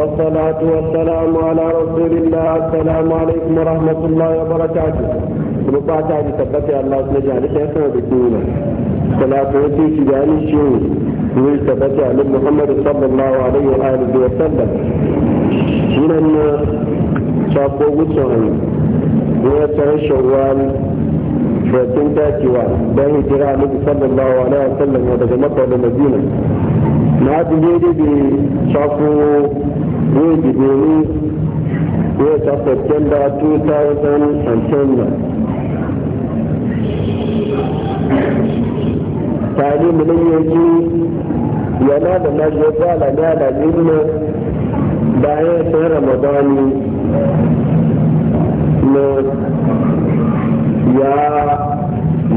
والصلاة والسلام على رسول الله السلام عليكم ورحمة الله وبركاته ربعت على تبتي الله سنجعل كيفنا بكونا صلاة وسي شجاني شيوي ويلتبتي على محمد صلى الله عليه وآله وسلم من أن شابو وصعي ويسعي شوال فاتن dacewa don hijira النبي صلى الله عليه وسلم makka da madina na ji daidai da May Jibiri, 8th of September 2010. Tare mu nan yanzu yana da majefa da gada jirma bayan sai Ramadani na ya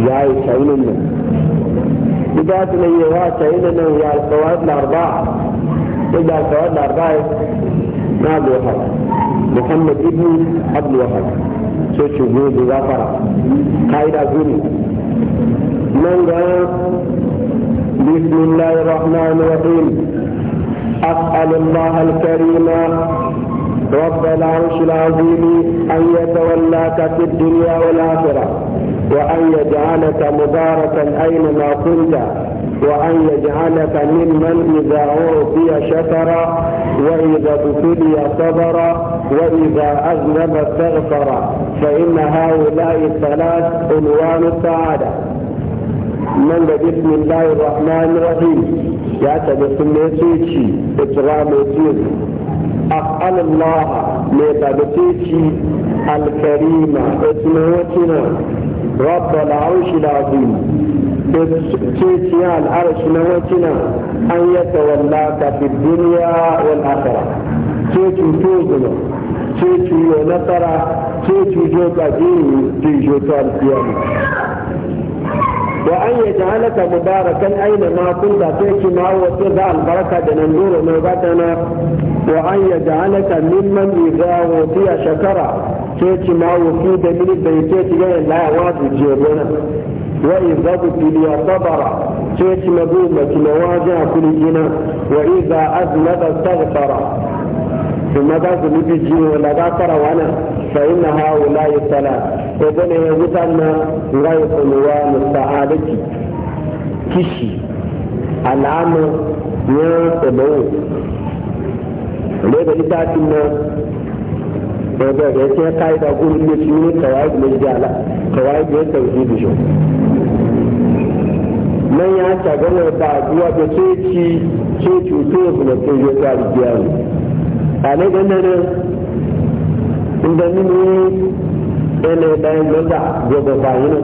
ya yi shainin nan. Ida tunan yawa shainin nan ya alkawar larba, ida alkawar larba بعد وفاته محمد ابن قبل وفاته سوشي ce gobe gafara ka'ida من قال بسم الله الرحمن الرحيم أسأل الله الكريم رب العرش العظيم أن يتولاك في الدنيا والآخرة وأن يجعلك مباركا أينما كنت وأن يجعلك ممن إذا أعطي شكر وإذا ابتلي صبر وإذا أذنب استغفر فإن هؤلاء الثلاث عنوان السعادة من بسم الله الرحمن الرحيم يا تبسم يسويتي إكرام يسويتي أقل الله لتبسيتي الكريمة اسمه وتنا رب العرش العظيم تيتيا العرش نوتنا أن يتولاك في الدنيا والآخرة تيتي توزنا تيتي يونترا تيتي جوكا دين تيجوكا القيامة وأن يجعلك مباركا أينما كنت تأتي معه وتضع البركة دنندور نوبتنا وأن يجعلك ممن إذا أوتي شكرا تأتي معه في دمير البيتات غير لا واجب جيبنا وإذا ابتلي صبر تأتي مظلومة مواجع كل جنا وإذا أذنب استغفر ثم ذا ذنب الجن ولا غفر وأنا فإن هؤلاء الثلاث وبن يغتن غير قلوان السعادة كشي العمل يتبعون لذا لتاتنا daga da yake ka'ida ko ne shi ne kawai da jala kawai da tauhidi shi nan ya ta gane ba duwa da ceci ceci to su ne ke yi ta rijiya ne a ne ganin inda mini ene bayan ganda gobe bayan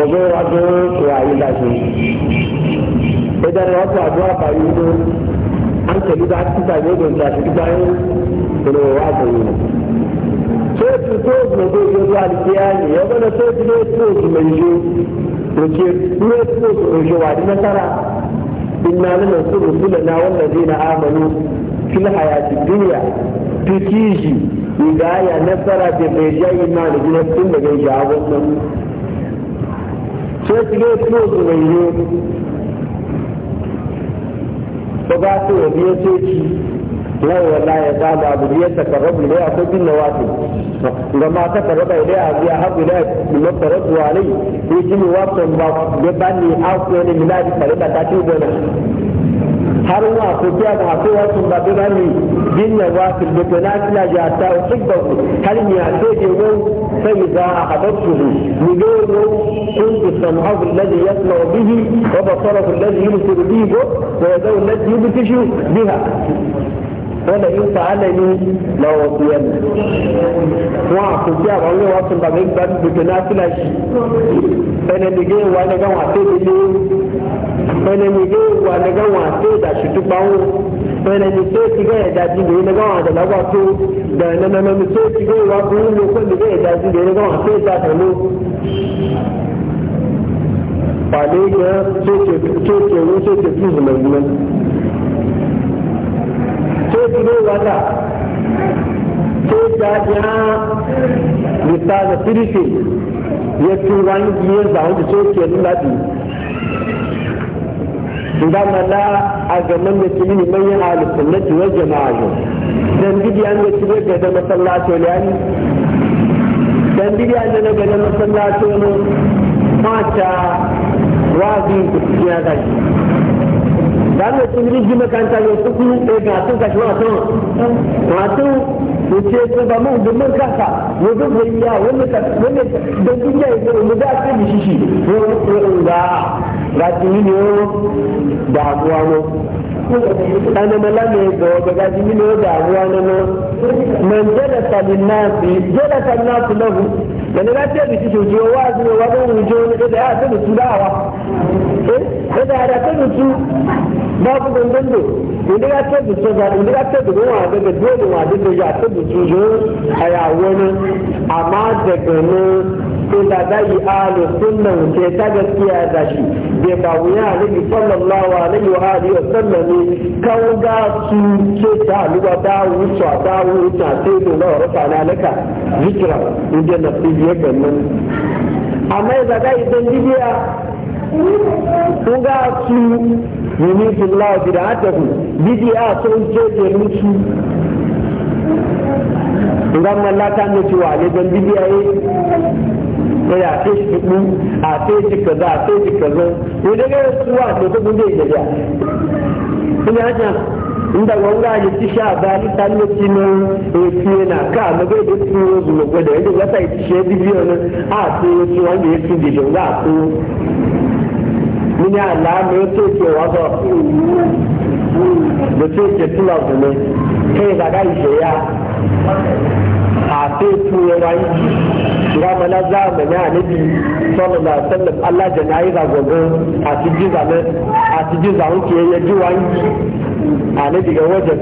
ọgbẹ́ wa gbé wà yí dájú ìdarí ọkọ̀ àdúrà báyìí ló ń tẹ̀lé bá títà ní ọdún tí a ti gbá yín ìlú wa gbòòrò tóòtù tóòtù ọdún ìlú àdìgbéyà ni ọgbẹ́ni tóòtù ní tóòtù mẹ́jọ òkè ní tóòtù òjò wà ní mẹ́tàrà ìnáwó lọ́sọ̀rọ̀ sílẹ̀ náà wọ́n lọ́dún náà á mọ̀ ní. fil hayati dunya tukiji hidaya nasara da bai ja imani gina tun da bai ja wannan sai su ga ko ba ba su ya biye soki lai wala ya ba ba bu biye ta karabu ne a kudin na wato ga ma ta karaba ile a biya habu da mu karatu alai ko jini wato ba ga bani a ko ne miladi karaba ta ci gona har wa ko ta ga ko wa tun ba da ni jinna wa fil batanat la ja ta uhibbu hal ni ate je wo fa idha ahabbtu ni do wo kunt sam'ahu alladhi yasma'u bihi wa basarahu alladhi yubsiru bihi wa yadahu alladhi yubtishu biha wanda in sa'alani la wasiyan wa ku ci ba wani wasu ba mai ba na tula sai ne dige wa ne ga wasu dige sai ne dige wa ne ga wasu da shi duk bawo sai ne ni sai ki ga ya daji ne ne ga wa da da na na na mi sai ga wa ku ne ko dige ya daji ne ne ga wasu da ta no ba dai ga sai ke sai ke sai ke wata sai ta ya mista da sirife ya tura ni biyar da hudu ke a gaman da yi manyan jama'a yau dan da su ga da masallaci ne yani dan bidiyan da ga da masallaci ne mata wazi da su ya gaji dame tibiri ji makaranta ne su kuma ɗaya ga sun kashi wa sun masu wuce su ba mun kasa mu duk da iya wani wani da duniya ya mu da ake da shishi wani ga ga tini ne da abuwa mu ana mala ne ga ga tini ne da abuwa na mu man jala talin jala talin lahu yana ga ta bishi shi wuce wa zuwa wa don wuce wani da ya ta da su eh da ya ta da babu da inda ya ce tabbuce ba inda ya ce tabbuce wa daga dole wa daga ya ce tabbuce zo a yawon amma daga nan inda za yi alu sunna ke ta gaskiya da shi bai ba wuya ne alibi sallallahu alaihi wa alihi wa sallam kan ga su ke ta aluba ta wuce ta wuce sai to na rufa na laka zikira inda na fi ya gannan amma da za yi dan bibiya kun ga su يميت الله بدعته بدي أصول جيد يمشي إذا الله كان يتوى عليه بل بدي sai a ce shi kudu a ce shi kaza a ce shi kaza to da ga suwa to ta gudu da ya ina haka inda wanga ne ci sha ba ni ta ne ci ne e na ka ma ga da su ne zuwa da yadda ya sai ci shi bibiyo ne a ce su wanda ya ci da ga a mini alamu ya ce ke wazo da ce ke tula zume kai daga ke ya a sai tuye wani ga mana zamani a nabi sallallahu alaihi wasallam Allah janayi ga gobe a cikin zaman a cikin zaman ke wani a nabi ga wajen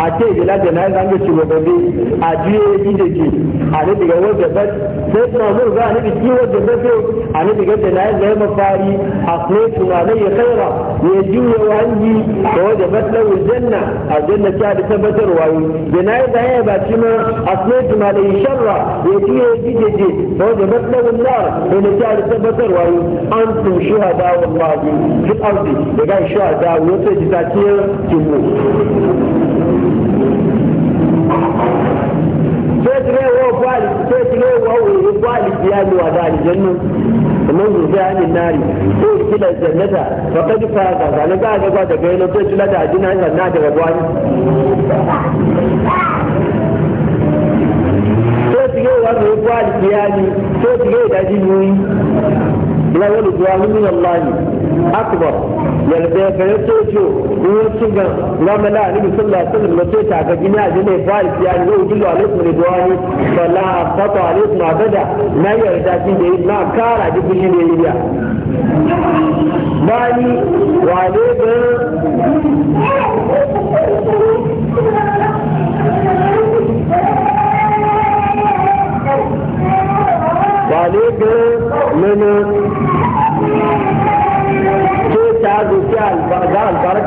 a ce jila da na zanga shugabanni a jiye gidaje a ne daga wajen bas sai suna zuwa za a ne biki wajen bas a ne daga da na zai mafari a kuma tunanin ya kaira ya juya wani da wajen bas na janna a janna ta da tabbatarwa yi da na yi zai ba ci ma a kuma tunanin ya sharra ya juya gidaje da wajen bas na wanda da ta da tabbatarwa yi an tun shuhada wallahi fi ardi daga shuhada wata jita ce kimbo fetire wa kwali fetire wa wuri kwali biya ni wa dali jannu kamar zurfi hannun nari ko kila jannata fa kad fa ga ga na ga ga daga yana to kila da ajina sanna daga gwani fetire wa wuri kwali biya ni fetire da jinni la wani du'a min Allah akbar yalbe ka ya sojo ruwan sugan rama la alibi sallallahu alaihi wasallam mace ta ga gina ji ne ba ya ni ga ujudu alaikum ridwani fala afata alaikum abada na yarda shi da na kara ji fushi da yiya bani wale ga wale ga mana ta zoci ga albarka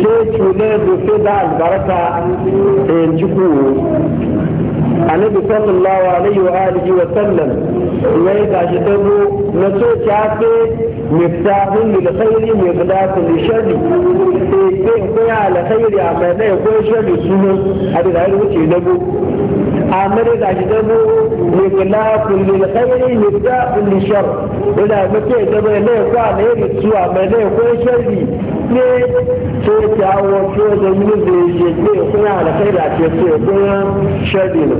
ke cune zoci da albarka da yanci kowo annabi sallallahu alaihi wa alihi wa sallam yayi gashi tabo na so ta ce miftahun lil khairi miqdatun lil sharri e ke ko ya al khairi amma dai ko sharri sunan a da wuce dabo amma dai gashi tabo مغلاق للخير مفتاح للشر إلى متى جبل لا قال هيك سوى ما لا يكون شري ne to ta wato da mun zai je ne kuma da kai da ke so kuma shari ne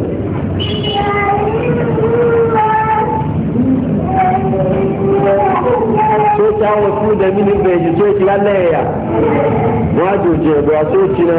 so ta wato da mun zai je to ya laya wajo je ba so ci na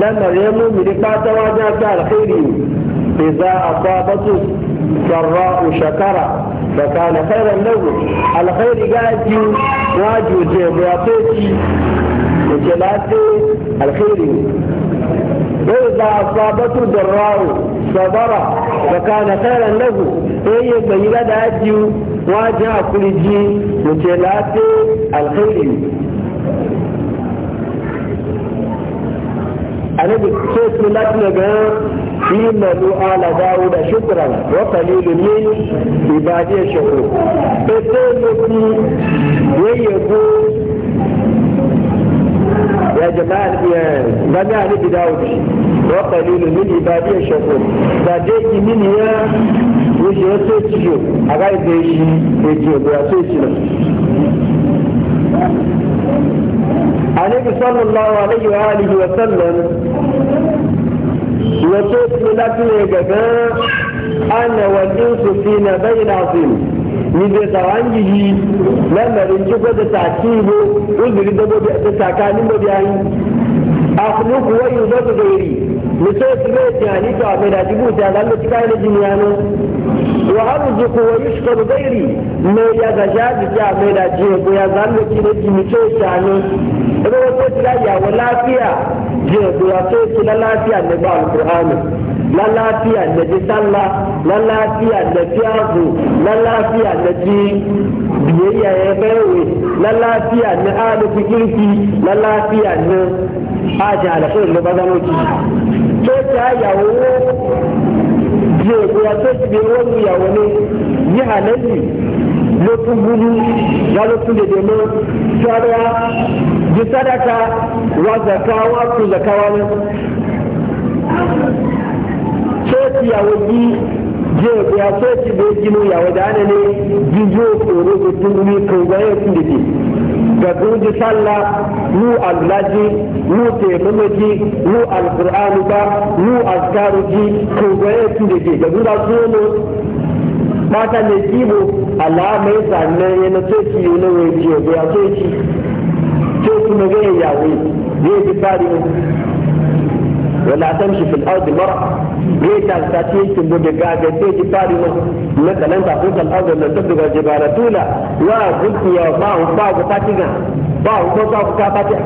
لما يمو من إقاط واجهة الخير إذا أصابته سراء شكرا فكان خيرا له الخير قاعد واجه زيب ويعطيتي وجلاتي الخير إذا أصابت ضراء صبرا فكان خيرا له أي من يلد أجي واجه كل جي وجلاتي الخير annabi sai su lafiya ga yi malu ala dawo da shukran wa qalilun min ibadiy shukru sai sai mutu yayyabo ya jama'a ba ga ni bidawo wa qalilun min ibadiy shukru da dai min ya wuce sai ciyo a ga da shi da ke da sai ciyo النبي صلى الله عليه وآله وسلم وصوت لكن يجبان أنا والإنس فينا بين عظيم ni zai tsawa an yi lamarin jiko da taki bo uzuri da tsakanin a kuwa yi da gairi mutum su ga yake halitta a mai dadi buta ga Allah cika yana jini yano wa har zu ku wa yushka bu gairi me ya ga jabi ya mai dadi ya ga Allah cika jini mutum su hannu ina wato cika ya wa lafiya je ku ya to su na lafiya ne ba alƙur'ani na lafiya da ji sallah na lafiya da fiyazu na lafiya da ji biyayya ya bayawe na lafiya na alufi kirki na lafiya na àti àlàfo ìlú bá dáná jù tó ta ìyàwó bí òkúra tó ti bí owó ní ìyàwó ní ní àlẹ́jì ló tún gbúdú wá ló tún dèdè mọ́ sọ́dọ̀ ju sádàkà wá zàká wá kú zàká wá ní. tó ti ìyàwó bí jẹ́ òkúra tó ti bí ojú ìyàwó dáná ní tó tún kò gbáyé dèdè. gaduji sallah nu allaji nu tebuluji nu alqur'anu ba nu azkaruji ko goye tunde gaduji solo mata ne kibo allah mai zanne ne na ki yi na wai ciyo ya so ki so ki na gaya yawo zai ji fari ne wala tamshi fil ardi mar'a ريتال ساتيش بودي قاعدة تيجي فاري مثلا تقول الأرض لن تبلغ الجبال ba وقلت يا باو باو ba باو باو فاتيغا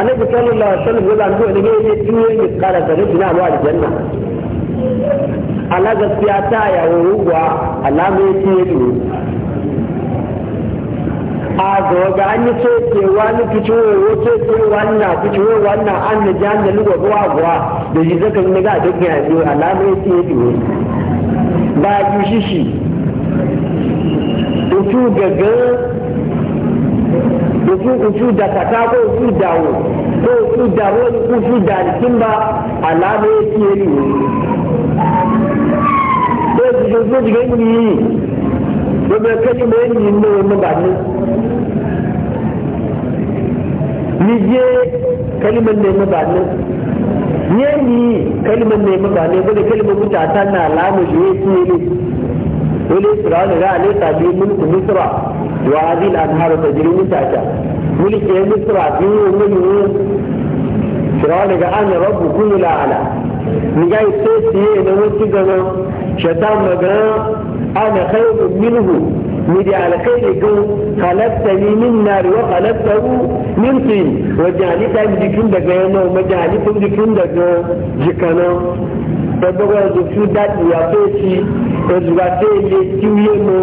annabi sallallahu alaihi wasallam ya zanto da yake tuye ne kara ne ina wa aljanna ala gaskiya ta yawo ruwa alamu yake yi a ga an yi cewa ni kicewa cewa wannan kicewa wannan an na jan da lugo gwa gwa da shi zaka ni ga duk ya biyo alamai ya biyo ba ju shi shi utu gaga utu utu da kata ko utu dawo ko utu dawo ko utu da kimba alamai ya biyo ko ji ji ga ni ko ba kace mai ni ne ba ni ni je kalimar ne mu ba ne ni kalimar ne mu ba ne bude kalimar mutata na lamu ce ne wani firawun ga ne biyu mulku misra wa hadil anharu tajri mutata mulki misra bi wani firawun ga an rabbu kullu la'ala ni ga sai siye na wasu gano shatan magana ana khairu minhu midi alakai ne ko halatta ni min nari wa halatta ku min ti wa jani ta jikin daga yano ma jani ta jikin daga jikana ta dogo da su dadi ya ko ci ta zuwa ta ile kiwiye mu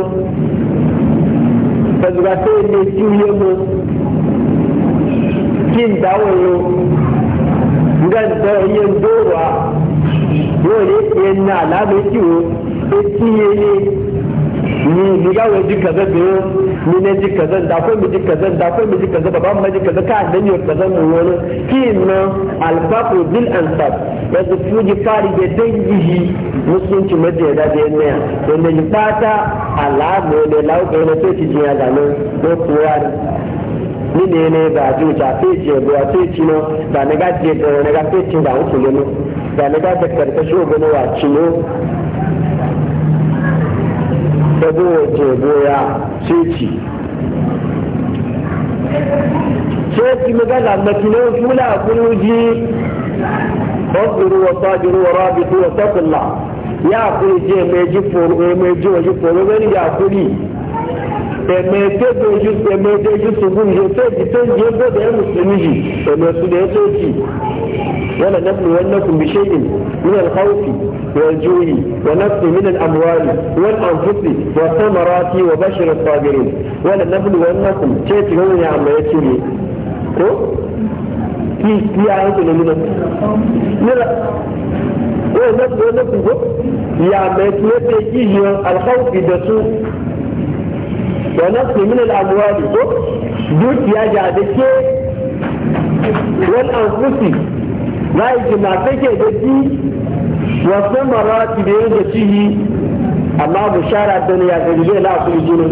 ta zuwa ta ile kiwiye mu kin dawo ngan ta yi dowa dole yana labe kiwo ta kiyeye ni ni ga wai ji kaza da ni ne kaza da ko kaza da ko kaza baba ma kaza ka dan yo kaza mu wani ki na alfaqu bil ansab ya da fuji fari da dangi musulunci madaya da da ne da ne ji fata ala ne lawo ko ne sai ji ya ko ni ne ne ba ji ta sai ji a sai ci no ne ga da ne ga sai ci da hukumi no ne ga da karkashin wa ci no da goje goya ceci ceci magana matinin fula kuruji fasbiru wa sabiru wa rabitu wa taqulla ya kuri je mai ji foro eh, mai ji waje foro gani ya kuri eh, mai tebe ji eh, mai tebe ji su gun je tebe tebe je go da musulmi ji mai su da ya ceci ولنبلونكم بشيء من الخوف والجوع ونقص من الأموال والأنفس والثمرات وبشر الصابرين نبلونكم شيء هو يا عم يتشري في في آية لا ولنبلونكم يا عم يتشري الخوف دسو ونقص من الأموال دوت يا جادك والأنفس zai na take da shi wasu marati da yanzu cihi amma bushara da ne ya gani zai la kuma jini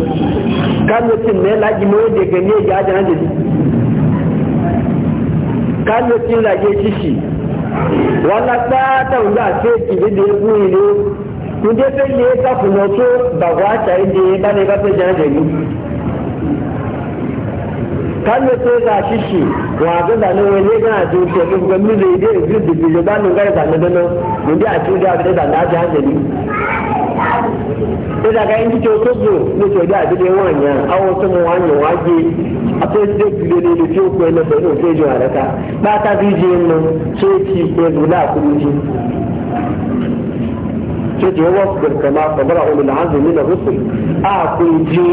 kan mutum ne lagi mai da gani ya ajin hajji kan mutum lage shi shi wala ta ta ce ki da ya buyi ne kun je sai ne ka kuma so ba kwa ta yi e da ya bane ka sai jana da ni kan da so za wa ga da ne wani ga ji ke mun ga mu zai dai ji ji ba mun ga da mun ci da da da na ji da ga in ji to so ne to da ji dai wanya awo to mu wanya waje a to ji ko ne da ne ji haraka ba ta ji ji mun كي واصبر كما صبر أولو العزم من الرسل أعطي جي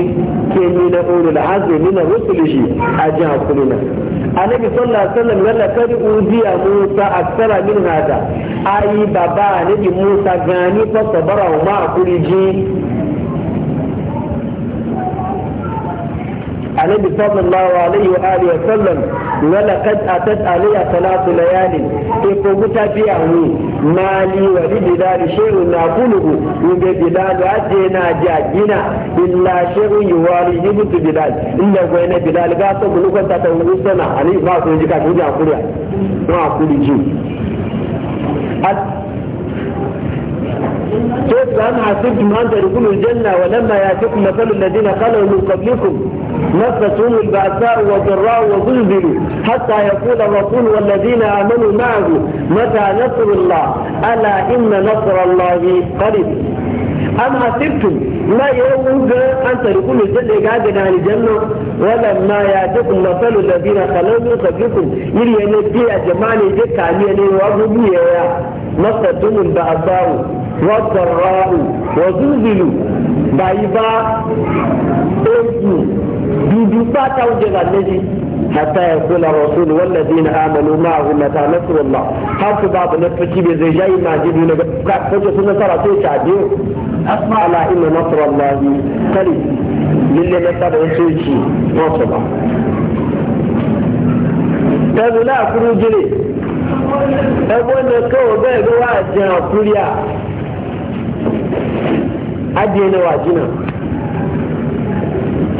كي من أولو العزم من الرسل جي أجاه كلنا النبي صلى الله عليه وسلم قال لقد أوذي موسى أكثر من هذا أي بابا نبي موسى غاني فصبره وما أقول جي annabi sallallahu alaihi wa alihi wa sallam wala kad atat na salatu layalin e ko guta biya wi mali wa lidal shay'un naquluhu yube bilal aje na jagina illa shay'un yuwali yubu bilal illa ko ina bilal ga so bulu ko ta tawu sana ali ma ko jika ko ja kuriya don akuri ji كيف أم حسبتم أن تدخلوا الجنة ولما يأتكم مثل الذين خلوا من قبلكم مستهم البأساء والضراء وزلزلوا حتى يقول الرسول والذين آمنوا معه متى نصر الله ألا إن نصر الله قريب أم حسبتم ما يوجد أن تدخلوا الجنة قادنا عن الجنة ولما يأتكم مثل الذين خلوا من قبلكم يلي أن يجي أجمعني جكا أن يلي وأبو masadunin da azawu wajen ra'u wa zuzulu ba yi ba ebu dudu ba ta wuce ga nabi hatta ya kula rasulu wanda dina amanu ma a wuna ta nasiru Allah har su babu na fici bai zai yayi ma jini ko kake su nasara to ya tabi asma ala inna nasiru Allah kari lille na tabi ya soci wasu ba. Tazula kuru jini ẹgbẹ́ náà kọ́wọ́ bẹ́ẹ̀ ló wà jẹ ọkùnrin à adìẹ náà wà jìnnà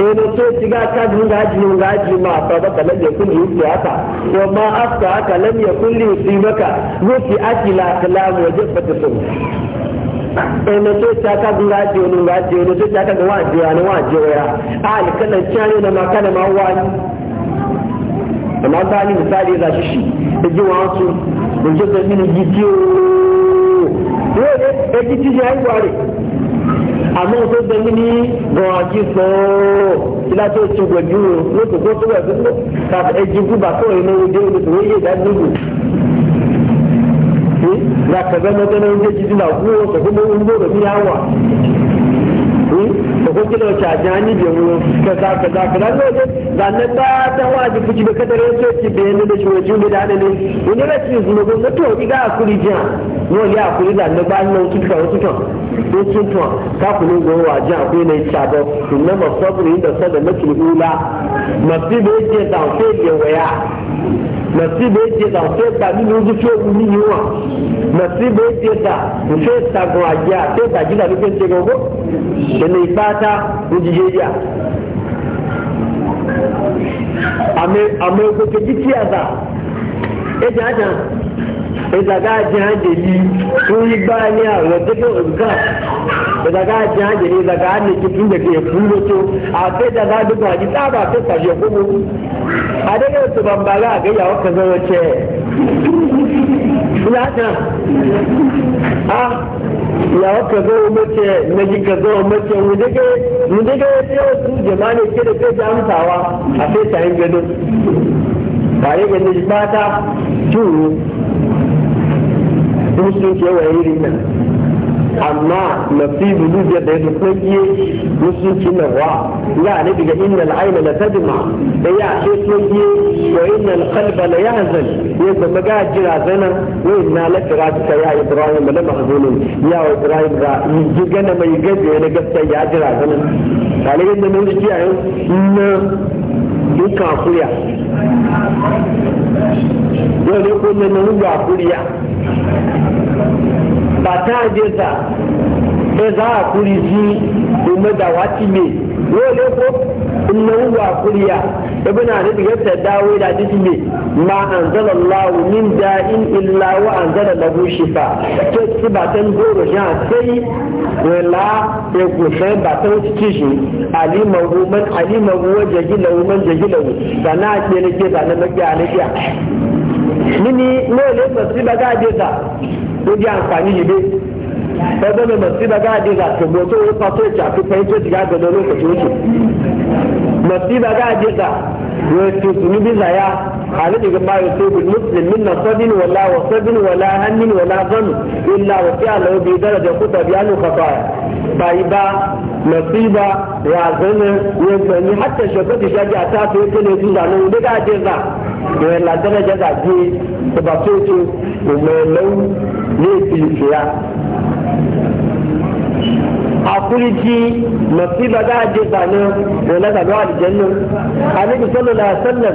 ene so shiga ka dunga ji dunga ji ma fa baka lam yakun yusi haka wa ma afta haka lam yakun yusi baka yusi akila kalam wa jabbata sun ene so ta ka dunga ji dunga ji ene so ta ka wa ji ana wa ji wa al kana chani na makana ma wa amma ba ni misali za sisi. eji wa ọtụ eji ọtụ mmiri ji ti ooo eji ti ya ịgwarị àmọ́ tó dẹ́mi ní gọ̀ọ́jì sọ́ọ́ ìlàtọ̀ tí gbẹ̀jú o lóṣù kó tó wẹ̀sì tó tàbí ẹjì kúbà tó ìlú ìdí olùsọ wọ́n yé ìdádúgbò. Ní ìgbà kẹfẹ́ mọ́tẹ́lẹ́ oúnjẹ jíjí náà kú ó sọ ń gbòòrò ní àwà. hukuncin da jani da mu kaza kaza kaza ne da na ta ta waje kuci da kadar yace ki da ne da shi wajen da ne wani rashin zuwa go na to diga akuri jiya no ya akuri da na ba nan ki ka wasu to ko kin to ka ku ne go waje akwai ne sabo inna masabri da sada nakil ula masibe yake da sai ya waya nasibe ete da ofe ta nínú ojú tí ó wù ni wọn da ofe sagun àjẹ àti ìtàjì náà ló fẹ́ ṣe gbogbo ìlú ìpáta òjijì yà àmọ́ epo kejì a dà ẹjà àjà ìdàgá àjẹ àjẹ yìí fún igbá a àwọn tẹ́kẹ̀ òdùkà ba da ga jajire da ga ne ki tun da ke fulo to a sai da za duka ji tsaba sai ta je kuma a daga ne to ban bala ga yawa ka zo ce ina ta a ya wata zo mace na ji ka zo mace mu daga mu daga yau su jama'a ne ke da ke da amsawa a sai ta yin gado ba ya gani ba ta turu musulunci yawa yi rinna amma nasibu lujja da yadda tsakiye musulci na wa ya ne daga inna al'aina la tadma da ya ce tsakiye wa inna al-qalba la yahzan ya zama ga jira zana wa inna la tiratuka ya ibrahim la mahzunun ya wa ibrahim ga yi gana mai gaje na gaskiya ya jira zana dalilin da mun ji yayin na duka kuriya yau ne ko na mun ga kuriya bata jesa ɓe za a kuri si domin da wati me dole ko in na wuwa kuriya ɗabi na da ɗiga ta dawo da ɗiɗi me ma an zala lawu min da in illa wa an zala da bushe ba ta ci ba ta goro shi a sai wala ya kusa ba ta wuce ci shi aliman woman aliman woman jagila woman jagila ba na ake na ke ba na maki a na ke a. Mini, nole, masu ba ga jesa, ló jẹ́ àǹfààní yìí dé ẹgbẹ́ mi mọ̀ sí bàbá àdìgbà tòmọ́tò ó pa tó ìjà pípẹ́ tó ti gá gbẹdọ̀ lókè tó jù. masiba ga jika sunu bi zaya ala daga ba ya tobi muslim min nasabin wala sabin wala hannun wala zanu illa wa fi ala bi daraja kuta bi alu khataya bai ba masiba ya zanu ya zanu hatta shafati shaji a ta to yake ne zuwa nan da ga jika ya la daraja da ji ba so to mai lau ne fi fiya akurji masiba za a je zane da na zaɓi aljannin annabi sallallahu alaihi wasallam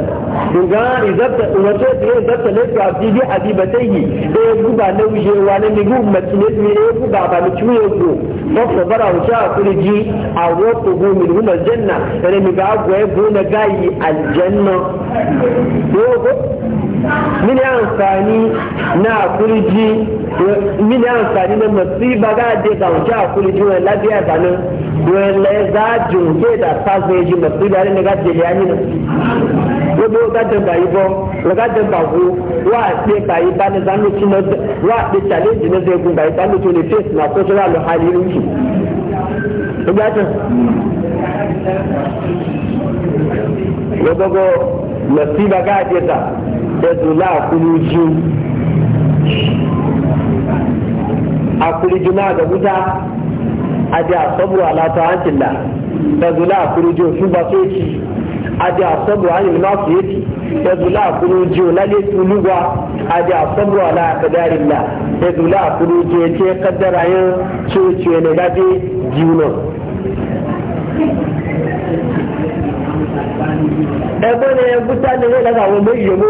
duga izabta wato ya izabta ne ga bibi yi da ya guba na wa na nigu ummati ne su ne ya guba ba mu ci ya go ba ko bara wuce akurji a wato go mu nuna janna da ne mi ga go ya go na gayi aljanna ko mini amfani na kurji mini amfani na masiba ga de da wuce a kurji wani lafiya ba nan wani za jinke da fasa yaji masiba ne ga de ya ni gbogbo gade bayi bɔ lɔgade bawo wa de bayi ba ne zanu ti ne wa de challenge ne ze gun ba ne to ne face na koso la lɔ hali nti o gba ko gbogbo masiba gade ta. dẹ̀dùlá àkúrújú àkúrújú náà gàmúta adé àsọ́bùrù àlàtà àǹtìlá dẹ̀dùlá àkúrújú òfúnba tó èkì adé àsọ́bùrù àyìnbá tó èkì dẹ̀dùlá àkúrújú lálẹ́ tùlúwa adé àsọ́bùrù àlàkàdárìlá dẹ̀dùlá àkúrújú etí kádàrá yẹn tí ó tiẹ̀ nígbàdé jìnnà. ẹgbẹ́ ni ẹgbẹ́ tá a lè rí lọ́dọ̀ àwọn ọmọ ìyẹ̀wò.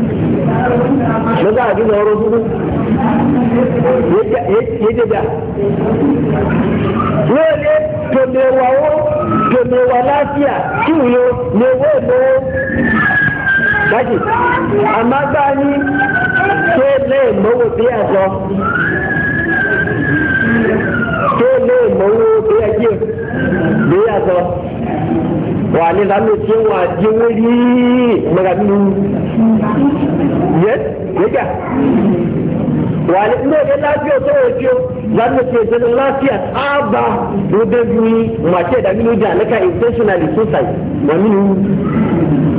ba za a e ji zauro dubu yadda da lóòlé tó mẹ́wàá ó tó mẹ́wàá láfíà kí wúyo mẹ́wàá lówó dájì àmá bá ní tó lẹ́ẹ̀ mọ́wó bí àjọ tó lẹ́ẹ̀ mọ́wó bí àjọ bí àjọ wà ní lámẹ́sí wọn àjẹwé yìí mẹ́ra yadda wani ino da lafiya ta wajen zan da ke zanen lafiya tsaba da biyu mace da minu da alaka intentionally suicide wa minu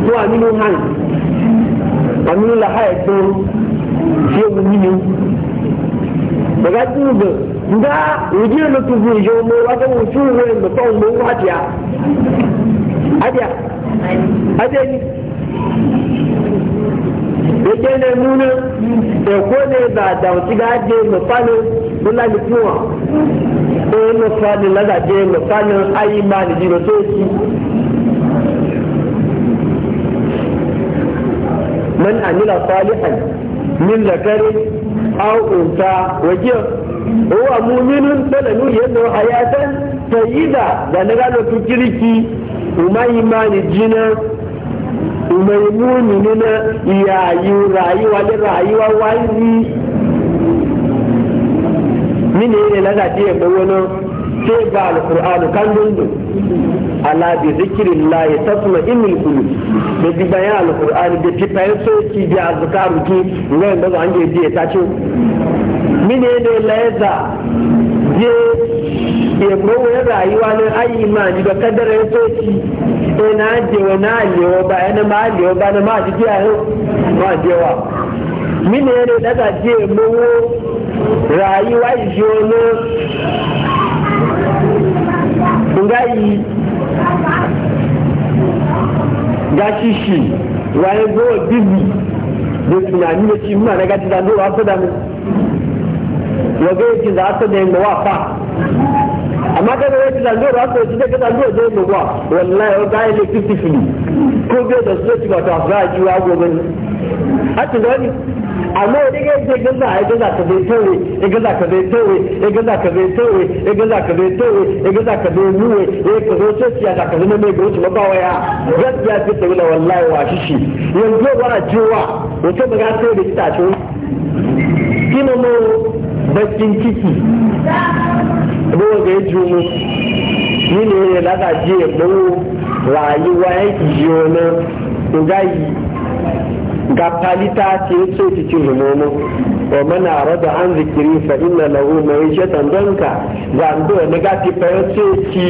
ko a minu hand wa minu lahaya ko fiye mu minu daga tuba nga wuje na tubu yo mo wa ga wucu wo en da tawo mo wa tiya adiya adiya yake ne nuna da ko ne ba da wasu gaje mafani bula da kiwa ko yi mafani lagaje mafani ayi ma da jiro so shi man amila salihan min kare au unta wajiyar wa muminin salanu yadda hayatan tayyida da na gano kirki ma imani jinan mai muni na yayu rayuwa da rayuwa wani mini ne na zaɗi ya wani sai ba alƙur'anu kan dundu ala bi zikirin layi ta kuma imin kulu da bi bayan alƙur'anu da fi bayan soki da azkaru ki ngayon da an je je ta ce mini ne na ya je ya kowa rayuwa na ayi imani ba kadara ya soci e na ajewa na alewa ba ya e na ma alewa ba na ma ajiya yau ma ajewa mine ne daga je mowo rayuwa ijono ngayi gashishi waye go bibi da tunani da shi muna na gaji da zuwa su da ne. wa ga yake za su da yin wafa amma kada wai da zo ba ko ji da kada zo zo mu ba wallahi ga ya ne kifi fili ko bai da so ci ba ta ga ji wa gobe a ti gani amma wani ga je gaza ai gaza ka bai tawe ya gaza ka bai tawe ya gaza ka bai tawe ya gaza ka bai tawe ya gaza ka bai muwe ya eh, ka zo ce ya da ka zama mai gauci ba ba waya gaskiya ce ta wala wallahi wa shishi yanzu ba jiwa wato ba ga sai da kita ce kina mo bakin ciki bó ga-eji ụmụ nínú ilé lágàjì ìpínwó ràyíwá ìyí ọ̀nà ìgbà yìí ga palita ti ń so titi rumomo wa mana arada an zikiri fa inna lahu ma'ishatan danka zando ne ga ti pe so ti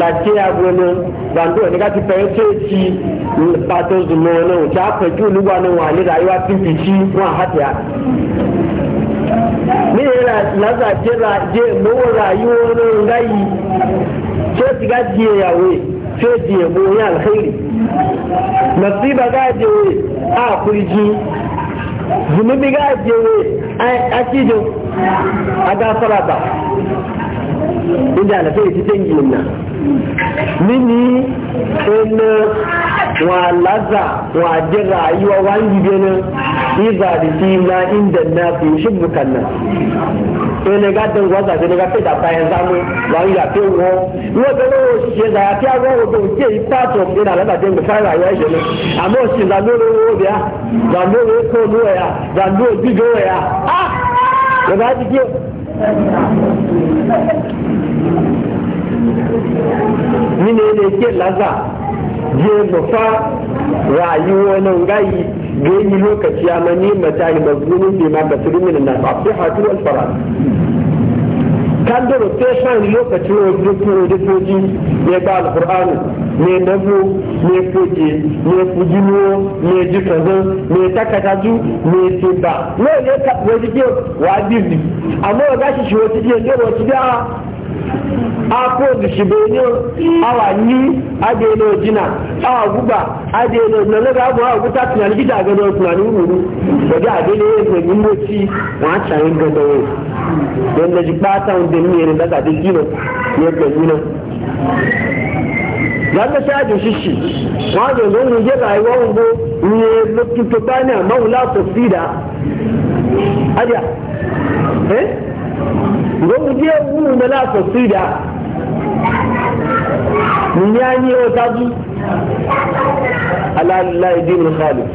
la ti ne ga ti pe so ti pato zumono ta pe ju luwa no wa rayuwa ti ti wa ní ìrà lásàtì ràjẹ lówó ràyíwó lórí ce tí ó ti gá di ce tí ó di èbó ní àlùfẹ́rì nàtí bàgá àjẹwò àkùrìjì zunubi gá àjẹwò akíjọ agáfáraba níbi àlùfẹ́rì ti tẹ́ǹgì nìyà níní ẹnu wọn àlázà wọn àjẹrà àyíwá wọn yìí bẹ́ẹ̀ náà. fi zalisi na inda na fi shi bukanna to ne ga dan gwaza ne ga fita bayan zamu ba ya fi wo wo da wo shi da ya fi wo do ke ne na da den ya ne amma shi da wo da wo ko ya da go ya ah ne ke laza je fa rayuwa nan gayi gayi lokaci ya mani mata ne mazgunin bi ma basirin min na fasihatu wal farad kan da rotation lokacin wajen rojoji ne ba alkur'ani ne nabu ne koje ne fujinuwa ne ji kaza ne takataju ne tuba ne ne ka wajen ke wajibi amma ga shi shi wata jiya ne wata jiya afọ bụ onye awa nyi adịghị n'ojina awa gwụba adịghị n'ojina n'oge abụ awa gwụta tinye anigide aga n'otu na n'ururu ụdị adịghị ezi gị mmochi ma achaghị ndodowe don na jikpa ata ndị mmiri daga dị wọn á lòlò ń yé báyìí wọn ń bo ìyẹn lókùtò bá ní àmọ́ gbogbo jẹ́ wù mí láti sí ìdá ní á ní ọ̀tá bí aláàlá ìdí mi kálẹ̀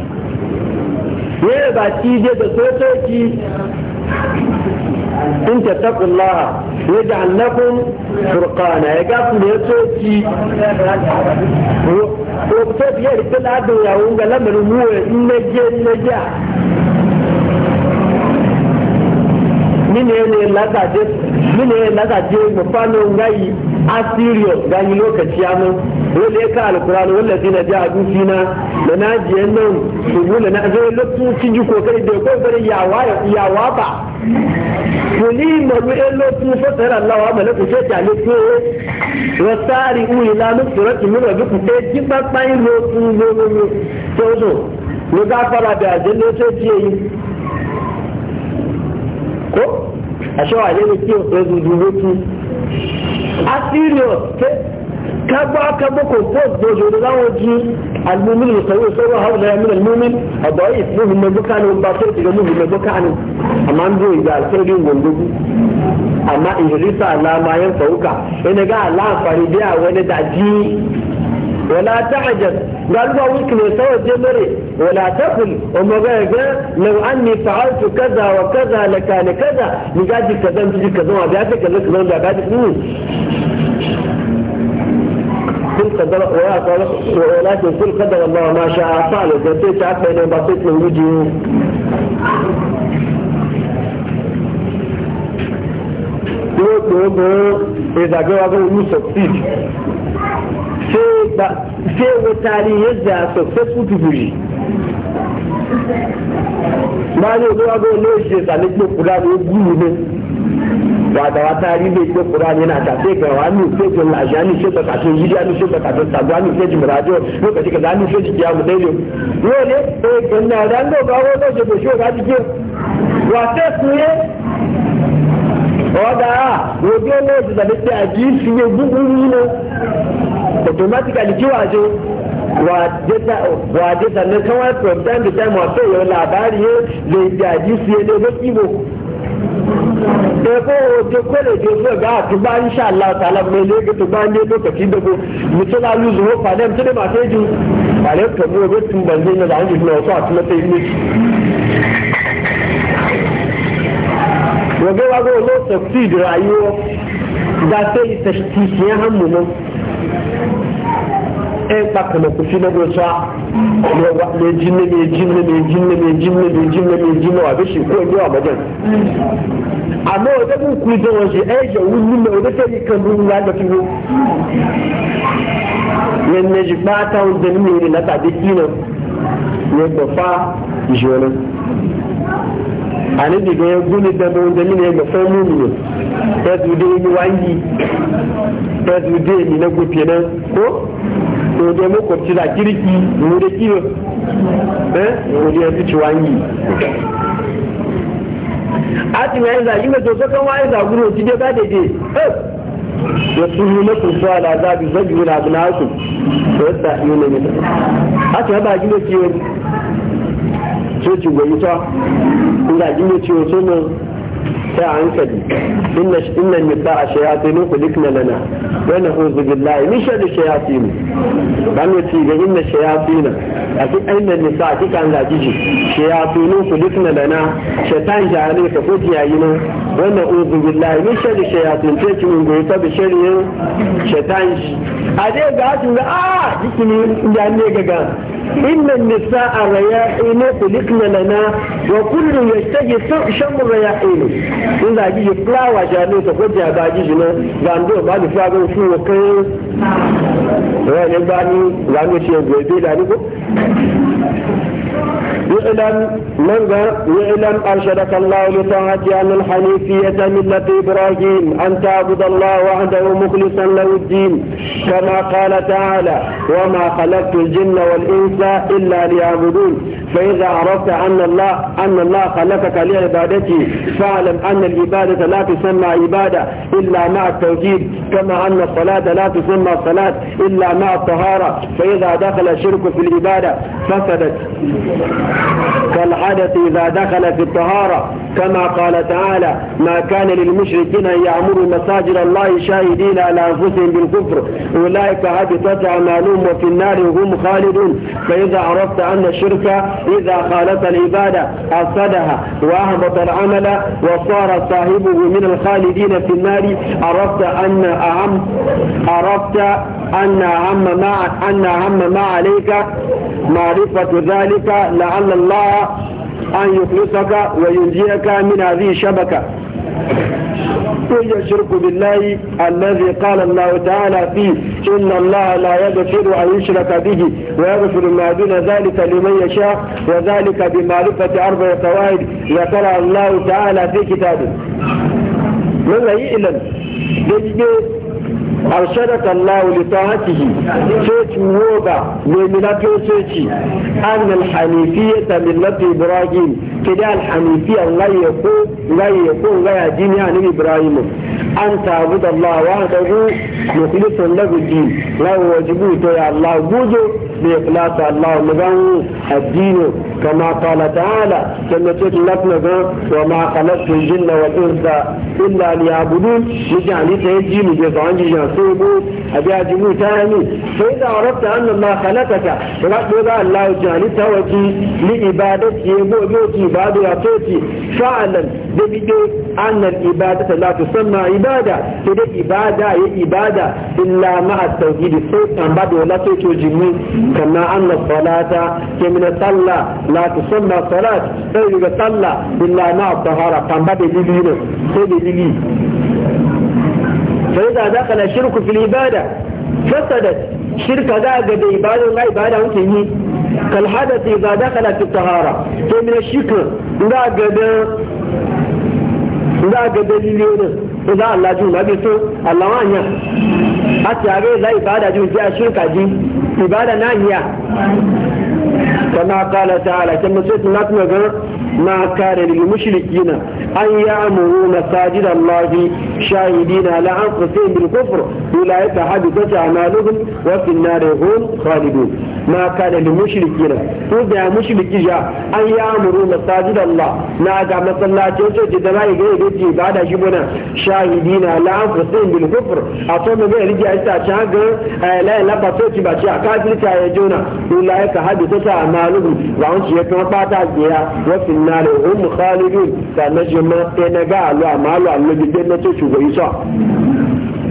yẹ́ ba ci je da tó in ta tattakullah ya ja'alnakum furqana ya ga ku ne to ko to biye da ladu ya wunga lamarin muwe in na je na mini ne lagaje mini ne lagaje mufano gayi asiriyo gani lokaci amu wanda ya ka alkurani wanda zina ji a dukina da na jiyan nan su yi na zai lokacin ji kokari da kokari yawa ba kuli malu en lotu fasara Allah wa malaku ce ta le ko wasari u ila nusrati min rabbikum te ji ba pa in lotu lo lo to so lo ga fara da je ne ce ji àṣọ àlẹ́lẹ́ tí ò fẹ́ dúdú lókù asirius kagbá kagbó kò fọ́ gbòjò láwọn jí alùmí ìsọ̀rọ̀ ìsọ̀rọ̀ àwọn ọ̀dọ́ ẹ̀mí ẹ̀mí ọ̀dọ́ ìfún mi mẹ́gbọ́ká ọba tó ti lọ́mú mi mẹ́gbọ́ká ni àmà ń dúró ìgbà àtẹ́rí ìwòndógún àmà ìrísà àlàmà ayẹ́ fọ̀ọ́kà ẹnìgá bí àwọn ẹni ولا تعجب قال له وكله سوى جمري ولا تقل ومغاقا لو أني فعلت كذا وكذا لكان كذا نقاد كذا نجي كذا وبيعتك كذا كذا وبيعتك كل قدر ولكن كل قدر الله ما شاء فعل جبت عقبه انه بطيت من وجهه gbogbo ìdàgbéwájú ní sọ̀tìdì sai wutari yadda successful people yi máa ní olówó agbó ní oṣù ìsàlẹ̀ pé kúrá ní gúrú ne na ta a rí lè pé kúrá ní náà tàbí ìgbà wà ní ìfẹ́jọ làjá ní ìfẹ́jọ kàtó yíyá ní ìfẹ́jọ kàtó tàbí wà ní ìfẹ́jọ mìíràjọ ní òkè tìkẹ̀dá ní ìfẹ́jọ kìí àmì gina yóò lé èkó ní ọ̀dà ń lòkà owó tó ṣe kò ṣe òkà ti jẹ́ wà fẹ́kùn yé ne òjò lóòtù tàbí pé àjí fi ne? automatically ki waje waje sannan kawai from time to time wato yau labari ne zai jaji su ya dogo kibo ko hoto kwale ke so ga tu ba insha Allah ta'ala mai ne ga tu ba ne lokaci da go mutala luzu ho fa dan tunda ba sai ju ba le to go tun ban zai na da hanji na so a tuna ni wa ga wa go lo succeed rayuwa da sai ta shi ya hammu nan ɗaya ɓakana ku fi na gosa mai jinna mai jinna mai jinna mai jinna mai jinna mai jinna wa bishi ko yawa majan amma wata mun ku da waje ai ga wuni mai wata kai kan dun ya ga tuwo yan ne ji ba ta wanda ni ne na ta diki ne ne ba fa jona ani diga ya guni da wanda ni ne ga fa mu ne ta zude ni wangi ta zude ni na gufe nan ko to da makwabci da kirki mu da kiyo eh mu da yanzu ciwangi a ti mai zagi mai to sokan wa ya zaguro ti dai ba da je ya turu na kusa da zabi zabi wani abu na su da ya sa yi ne a ti haɓa gina ciwo coci gwai ta inda gina ciwo sai a hankali inna inna nisa a shayatinu ku dikna lana wa na'udhu billahi min sharri shayatin dan yace ga inna shayatina a duk inna nisa a kika ga jiji shayatinu ku dikna lana shaitan ja ne ka ko tiyayi ne wa na'udhu billahi min sharri shayatin ce ki mun goyi ta bi shari'in shaitan a dai ga tun ga a ah, dikini inda ne ga ga إن النساء رياحين خلقن لنا وكل يشتهي شم رياحين إذا يطلع فلاوة جانو تخرج باجي جنا غاندو باجي فلاوة شو وكين وين باني غاندو شيء غيبي لانيكو يعلم من يعلم أرشدك الله لطاعتي أن الحنيفية ملة إبراهيم أن تعبد الله وحده مخلصا له الدين كما قال تعالى وما خلقت الجن والإنس إلا ليعبدون فإذا عرفت أن الله أن الله خلقك لعبادته فاعلم أن العبادة لا تسمى عبادة إلا مع التوحيد كما أن الصلاة لا تسمى صلاة إلا مع الطهارة فإذا دخل الشرك في العبادة فسدت كالحدث إذا دخل في الطهارة كما قال تعالى ما كان للمشركين أن يعمروا مساجد الله شاهدين على أنفسهم بالكفر أولئك حدثت أعمالهم وفي النار هم خالدون فإذا عرفت أن الشرك إذا خالت العبادة أفسدها وأهبط العمل وصار صاحبه من الخالدين في النار عرفت أن أهم عرفت أن أهم ما أن أهم ما عليك معرفة ذلك لعل الله أن يخلصك وينجيك من هذه الشبكة كل الشرك بالله الذي قال الله تعالى فيه إن الله لا يغفر أن يشرك به ويغفر ما دون ذلك لمن يشاء وذلك بمعرفة أربع قواعد ذكرها الله تعالى في كتابه من لا يعلم أرشدك الله لطاعته سيت موبا ومن أن الحنيفية ملة إبراهيم kede alhanifiya ngai ya ko ngai ya ko ngai ya jini ya nabi ibrahim an ta'budu allah wa dahu mukhlisun lahu din lahu wajibu to ya allah gujo bi ikhlas allah magan addinu kama qala ta'ala kama ce lakna ga wa ma khalaqtu jinna wal insa illa liya'budun mijani sai jini je ga anji ya so go abiya jini ta ni sai da rabta anna ma khalaqaka rabbi ga allah jani tawaji li ibadati yabo yabo عباده يعطيتي فعلا دبيدو أن الإبادة لا تسمى عبادة تدي إبادة هي إبادة إلا مع التوحيد سيد أن بعد ولا تتوجه كما أن الصلاة كمن صلى لا تسمى صلاة سيد صلى إلا مع الطهارة كان بعد دبيدو سيد دبي فإذا دخل الشرك في العبادة فسدت شرك ذا قد إبادة لا إبادة ممكن كالحدث إذا دخل في الطهارة فمن الشكر لا قد لا قد لليون إذا الله جون أبيتو الله وانيا حتى أبي لا إبادة جون جاء شركة جين إبادة نانيا كما قال تعالى كما سيتنا كما ما كان للمشركين أن يعمروا مساجد الله شاهدين على أنفسهم بالكفر أولئك يتحدث أعمالهم وفي النار هم خالدون ما كان للمشركين وضع مشرك جاء أن يعمروا مساجد الله نادع مسلاتي وتوتي دلائي غير جدي بعد جبنا شاهدين على أنفسهم بالكفر أطول غير رجع استعشاق آه، لا لا بطوتي بشيء كافر تايجونا أولئك يتحدث أعمالهم وعنش يكون باتا وفي fil nar hum khalidun ta najma ta naga alu amalu annabi jannatu sa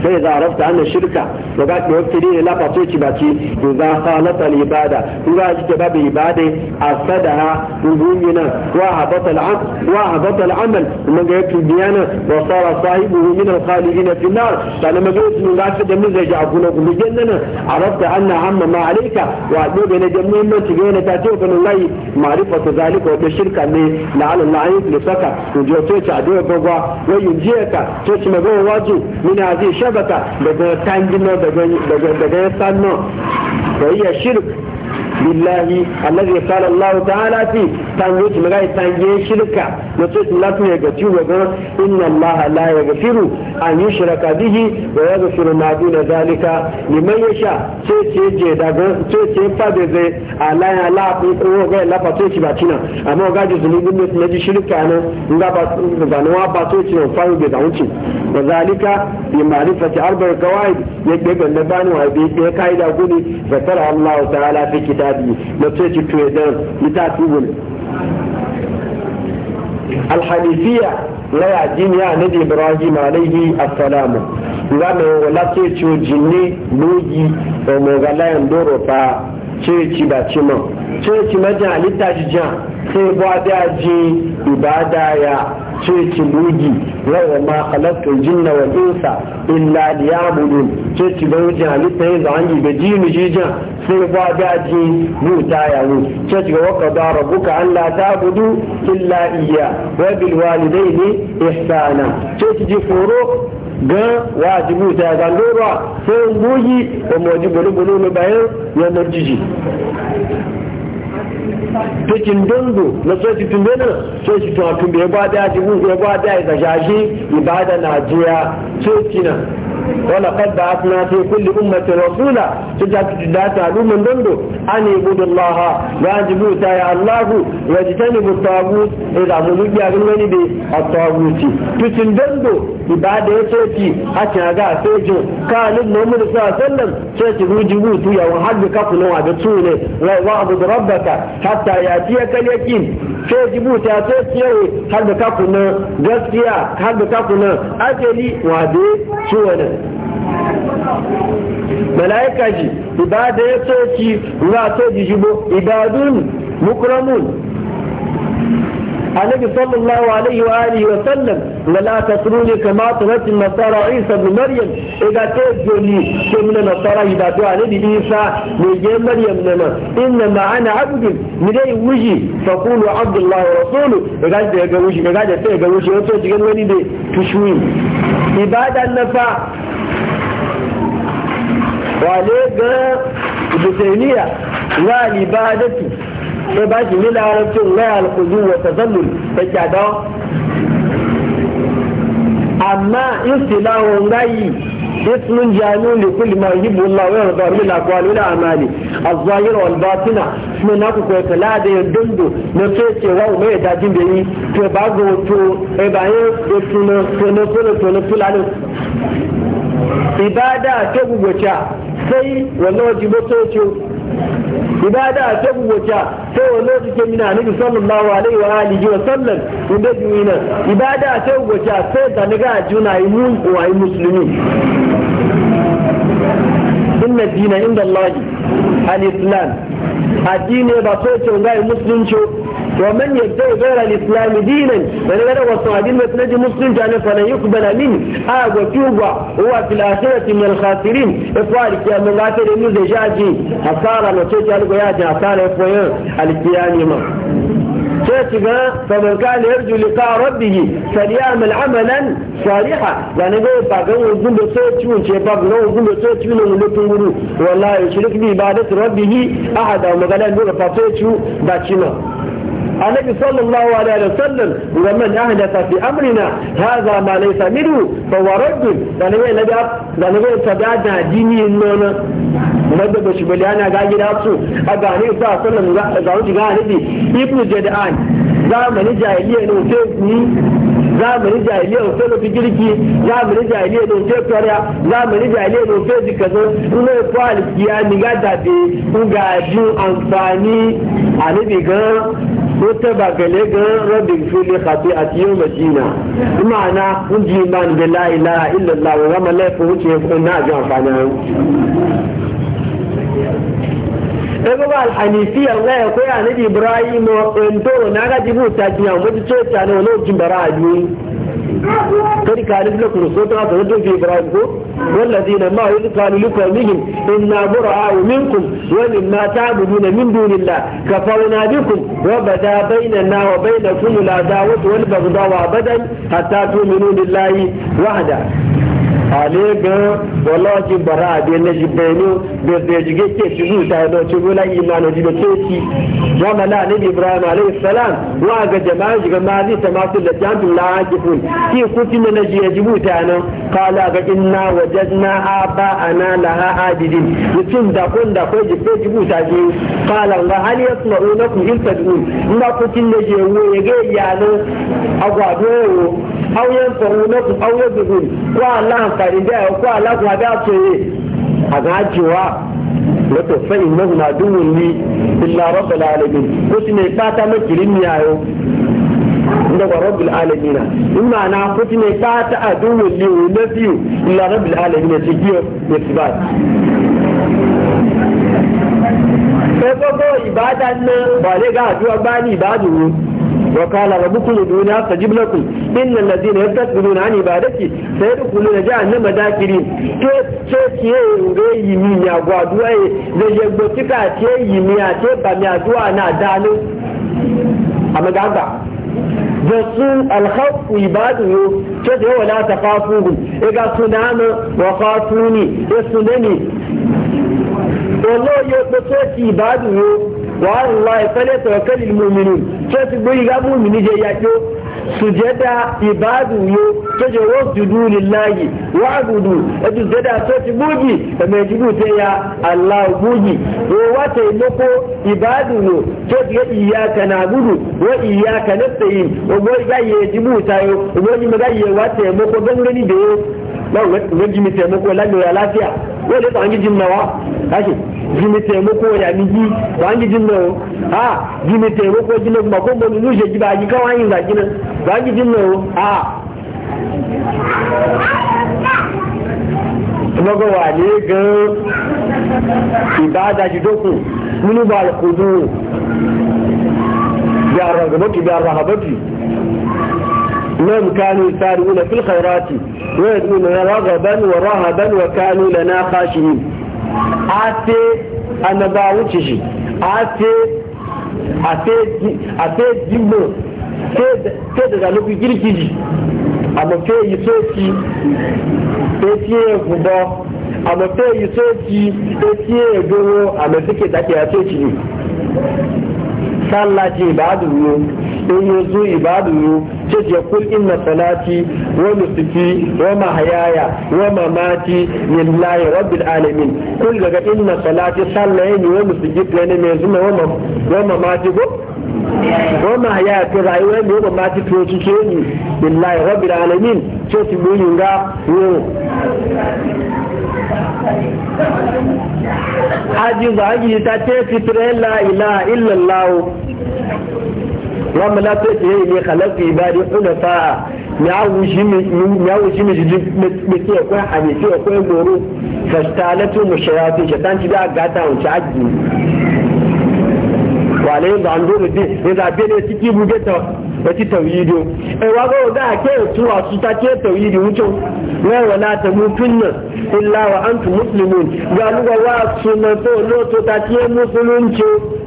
فإذا عرفت أن الشركة وقعت مبتدين لا بطيتي باتي إذا خالط العبادة إذا جئت باب عبادة أفسدها وجوهنا وأهبط العمل وأهبط العمل ومن جاءت الديانة وصار صاحبه من الخالدين في النار فلما قلت من لا تدم من رجع أقول جننا عرفت أن عم ما عليك وأدنو بين جميع من تبين تاتيه بن الله معرفة ذلك وبشركة لعل الله يفلسك وجوتيك عدوه بابا وينجيك تسمى بابا من هذه الشركة sabaka daga tangina daga daga sanno da iya shirk billahi alladhi qala Allah ta'ala fi tange ki magai tange shirka wato Allah ya gaci waga inna Allah la yaghfiru an yushraka bihi wa yaghfiru ma duna zalika liman yasha ce ce daga ce fa da zai ala ya la ku ko fa ce ba kina amma ga ji zulubin ne na ji shirka nan ga ba ga nawa ba ce ki fa ga da wuce wa zalika bi ma'rifati arba'a qawaid yake ga da bani wa bi kai da guni zakara Allah ta'ala fi kitab kitabi na كويدان tuwe don الحديثية لا alhanifiya يا نبي إبراهيم عليه السلام alaihi assalamu gane wala tsoci jinne logi da mogalayan doro fa tsoci da cima ma majan halitta shi jan sai ba da ji ibada ya tsoci logi yau ma halattun jinna wa insa illa liyabudun da wajen yin yi da jini sai ba daji wuta ya wu sai ga waka da rabbuka alla ta'budu illa iyya wa bil walidayni ihsana sai ji furo ga wajibu ta ga ndorwa sai nguyi ko moji bulu bulu ne bayan ya marjiji cikin dungu na soci tumbena soci tuwa tumbe ya ba da mu ba da ya ga jaji ibada na jiya soci na ولقد بعثنا في كل أمة رسولا تجعل تعلوم من دندو أن يعبدوا الله واجبوا تايا الله واجتنبوا الطاغوت إذا ملوك يا غني بي الطاغوت تسن دندو ibada ya ce ki hakin ga a sejin kanin na umar sa sallam ce ki ruji rutu yawon hajji kafin wa da tune wa abu da rabbaka hatta ya ci ya kalyakin sai ta sai kiyaye har da kakuna gaskiya har da kakuna ajali wade su wani mala'ika ji ibada ya soki ruwa so ji shigo ibadun mukramun النبي صلى الله عليه وآله وسلم ولا تطروني كما طرت النصارى عيسى بن مريم إذا تجوني كمن النصارى إذا دعا نبي عيسى ويجي مريم لنا إنما أنا عبد من أي وجه فقولوا عبد الله ورسوله إذا تيجا وجي إذا تيجا وجي وتيجا وني دي تشوين إبادة النفع وعليك ابن تيمية والعبادة sai ba shi tazallul da kya dawa amma istilahun gayi ismin jami'u ne kulli ma yibu Allah wa yarda min alqawl wa da yandundu na wa e ta gugucha sai wa lokacin mina nabi sallallahu alaihi wa alihi wa sallam in da ibada ta gocha sai da naga juna yi mun ko yi musulmi inna dina inda al-islam addini ba sai ce ga musulunci ومن يبتغي غير الاسلام دينا فلن وصوا دين مسند مسلم جانا فلن يقبل منه ها آه، وتوبا هو في الاخره من الخاسرين اقوال يا من غافر انه زجاجي حصار ما تشي قالوا يا جا حصار يفوي القيامه تاتي فمن كان يرجو لقاء ربه فليعمل عملا صالحا يعني قول باقون وزن بسوتي ونشي باقون وزن بسوتي ونلتن ورو والله يشرك بعبادة ربه أحد أو مغلا نور فاتوتي باتشنا annabi sallallahu alaihi wa sallam wa man ahdatha fi amrina hadha ma laysa minhu fa wa radd da ne ne da da ne ta da da dini nona wanda ba shi bali ana gida su a ga ne sa sallam wuce ne ni zamani jahiliya ofe lofi girki zamani jahiliya da ofe kwarya zamani jahiliya da ofe jikazin ina ofe ni ga dabe ga jin amfani a nabi ga? ko ta ba gale ga rabin fili khafi a cikin madina ma'ana kun ji man da la ilaha illallah wa gama laifin wuce kun na ji amfani ebe ba alhanifi yanga ya koya na ibrahim wa ndo na ga jibu ta jiya mutu ce ta ne wani ojin bara a kar ka alif lakum sota ka ibrahim ko wallazina ma yuzu qalu liqawmihim inna bura'a minkum wa mimma na min dunillah kafarna bikum wa bada bainana wa bainakum la da'watu wal baghdha wa abadan hatta tu'minu layi. Wahada. ale ga bọlọ ti bara abe ne ji bẹn ni ji ge ke ti zu ta ti go la ina no ji be ke ti wọn mana ale bi ibrahim alayhi salam wa ga jama'a ga ma ni sama su da jan tun ji jifun ki kuti ne na ji ya ji buta no kala ga inna wajadna aba ana ha adidin mutum da kun da ko ji ke ji buta ji kala ga hali yasma'u nakum in tad'un dun ku kuti ne ji ya ge ya no agwa do auyen kwaro na ku auye bugu ko Allah amfani da ko Allah kuma da so yi a gajewa wato fa innahu ma duwun li illa rabbil alamin ko shi ne fata makirin yayo inda wa rabbil alamin in ma na ko shi ne fata aduwun li na biyu illa rabbil alamin shi giyo ne tibat Ẹgbọ́gbọ́ ìbádá náà wà lé gáàdúrà bá ní wo. وقال ربكم ادعوني استجب لكم ان الذين يستكبرون عن عبادتي سيدخلون جهنم داخرين تشي يي مي يا غادو اي زي غوتيكا تشي مي اتي بامي ادو انا دالو اما غاغا جسو الخوف عباده كذا ولا تخافوهم إذا سنانا وخافوني يسنني والله يقصد عباده wa Allah fale tawakkalul mu'minun to ti gboyi ga mu'mini je ya to sujada ibadu yo to je wasjudu lillahi wa'budu edu zada tó ti gboji e me te ya Allah gboji o wa te loko ibadu yo to ti ga iyyaka na'budu wa iyyaka nasta'in o gboyi ọgbọ́n ye yẹ tayo tayọ ọgbọ́n ga yẹ wá te moko da yo wọ́n jí mi tẹ̀mọ́kọ́ lágbèrè aláfíà wọ́n lè tàn jíjìn náà wá káṣí jí mi tẹ̀mọ́kọ́ yà mí yí wọ́n jíjìn náà o a jí mi tẹ̀mọ́kọ́ jí náà gbàgbọ́ mọ́ nínú ìṣèjì bá yí káwọn yìí làjí náà wọ́n jíjìn náà o a. wà ní gan nínú dùn bí إنهم كانوا يسارعون في الخيرات ويدعون رغبا ورهبا وكانوا لنا خاشعين أتي أنا باوتشي أتي أتي أتي جمو تيد غالوك جريكي أما في يسوكي تيتي غبا أما في يسوكي تيتي غبو أما في كتاكي أتوكي صلاتي بعد اليوم sai ya zo ibadu yo ce ya kul inna salati wa nusuki wa mahayaya wa mamati lillahi rabbil alamin kul daga inna salati sallaye wa nusuki ne mai zuma wa mamati ko wa mahayaya ko rayuwa ne wa mamati to cike ni lillahi rabbil alamin ce ti buyin ga yo Aji zagi ta ce fitire ila ilaha illallahu wọn mẹla tó ti yẹn ní kàlẹ́kì ìbáde ọ̀nà fáà ní awùsí mi jìjì pèsè ọ̀pẹ́ àmìtí ọ̀pẹ́ gbòòrò fẹ̀sítà alẹ́tò mùsùlùmí àti ìṣẹ̀tàn ti bí àgàtà òǹtí àjù wà lẹ́yìn bàndó rẹ̀ dé nígbà bẹ́ẹ̀ ní wati tawhidu eh wago da ke tuwa su ta ke tawhidi wuto wa wala tamutunna illa wa antum muslimun ga luga wa sunna to lo to ta ke musulunci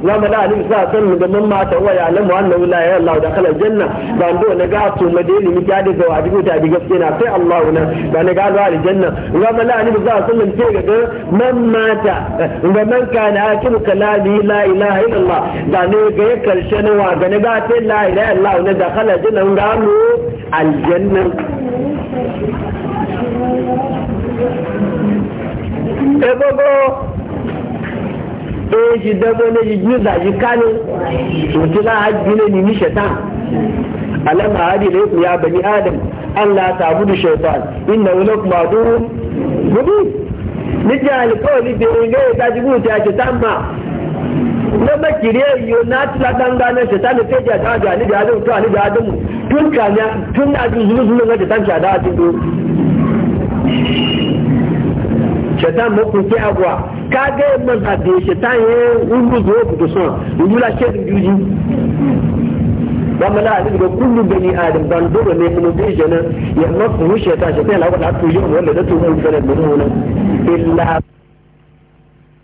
wa mala alim sa san da man ma ta waya lamu annahu la ilaha illa da khala janna ba ndo na ga to madini mi ta daga wa digo ta diga na sai allah na ba na ga wa janna wa mala alim sa san ke ga man mata ga man kana akiru kalami la ilaha illa allah da ne ga karshen wa ga na ga sai la ilaha illa na dakala jina gano aljanna ebogo e ji e dabo ne ji ji shaitan hadi ya bani adam Allah ta budu shaitan inna gudu alkawali da ya gaya ta jibuta ya ce tamma ne ma na yi o na tsala dan gane shi ta ne ta ja ga ni da azu to ani da azu tun ka ne tun na azu zulu zulu ga ta ta da azu to shetan mo ku ke agwa ka ga mun da de shetan ye wuru zo ku to son ni la shedu juju wannan ala ne ga kullu bani adam dan dole ne mun bi jana ya mafu shetan shetan la ku da to yi wannan da to mun fara mun mun illa